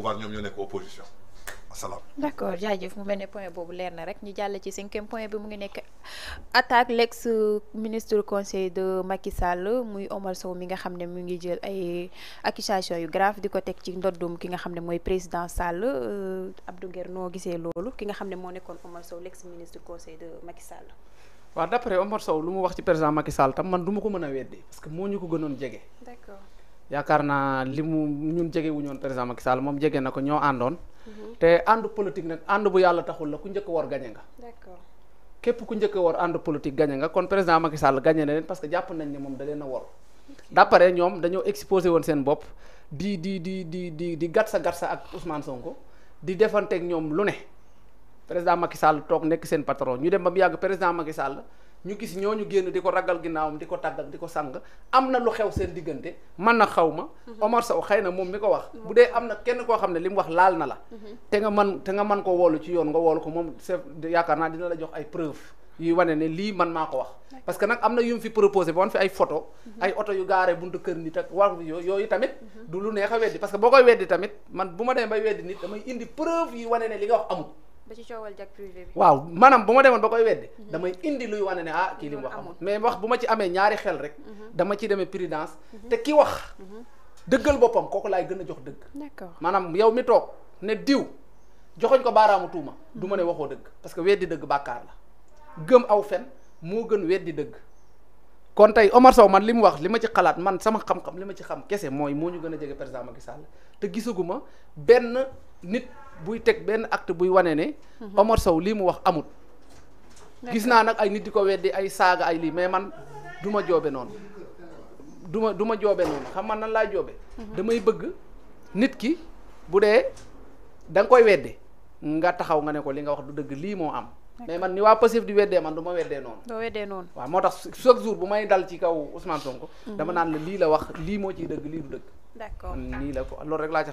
pouvoir ñoom ñoo nekk opposition asalaam. d' accord mu mel ne point boobu leer na rek ñu jàll ci cinquième point bi mu ngi nekk attaque l' ex ministre conseil de Macky Sall muy Omar Sow mi nga xam ne mu ngi jël ay accusation yu grave di ko teg ci ndoddum ki nga xam ne mooy président Sall euh, Abdou Nguer noo gisee loolu ki nga xam ne moo nekkoon Omar Sow l' ex ministre conseil de Macky Sall. waa d' après Omar Sow lu mu wax ci président Macky Sall tam man duma ko mën a weddi parce que moo ñu ko gënoon jege. d' accord. yaakaar naa li mu ñun jege wu ñoon président Macky Sall moom jege na ko ñoo àndoon. Mhm. te ànd politique nag ànd bu yàlla taxul la ku njëkk wor gañe nga. d'accord képp ku njëkk wor ànd politique gañe nga kon président Macky Sall gañe na leen parce que jàpp nañ ne moom da leen a war. d'après ñoom dañoo exposé woon seen bopp di di di di di di gatsa gatsa ak Ousmane Sonko di defanteeg ñoom lu ne. président Macky Sall toog nekk seen patron ñu dem ba mu yàgg président Macky ñu gis ñooñu génn di ko ragal ginnaawam di ko tàggat di ko sàng am na seen diggante man na xaw ma. Mhm. Omar xëy na moom mi ko wax. bu dee am na kenn koo xam ne li mu wax laal na la. Mhm. te man te nga ko woolu ci yoon nga woolu ko moom chef naa dina la jox ay preuve yuy wane ne lii man maa ko wax. parce que nag am na yu mu fi proposé ba wan fi ay photo mhm. ay oto yu gaaree buntu kër nit ak war yooyu tamit. du lu neex a weddi parce que boo koy weddi tamit man bu ma demee bay weddi nit damay indi preuve yi wane ne li nga wax amul. ba ci coowal jag waaw maanaam bu ma demoon ba koy weddi. Mhm. damay indi luy wane ne ah kii li mu xamoon mais wax bu ma ci amee ñaari xel rek. Mhm. dama ci demee prudence. Mhm. te ki wax. dëggal boppam kooku laay gën a jox dëgg. d'accord maanaam yow mi toog ne diw joxoñ ko baaraamu tuuma. du ma ne waxoo dëgg parce que weddi dëgg bàkkaar la gëm aw fen moo gën weddi dëgg. kon tay Omar saw man lim wax lima ci xalat man sama xam-xam lima ci xam kese moy moñu gëna jëgë président Macky Sall te gisuguma ben nit buy tek ben acte buy wané né mhm. Omar saw lim wax amut. gis Anak ay nit diko wéddi ay saga ay li mais man duma jobé non duma duma jobé non xam man nan la jobé mhm. damay bëgg nit ki bu dee Wede koy wéddi nga taxaw nga né ko li nga wax du dëgg li mo am. mais man ni waa Pastef di weddee man du weddee noonu. waaw moo tax chaque jour bu may dal ci kaw Ousmane Sonko. Mhm. dama naan la lii la wax lii moo ciy dëgg lii du dëgg. Mm, nii la ko loolu rek laa ci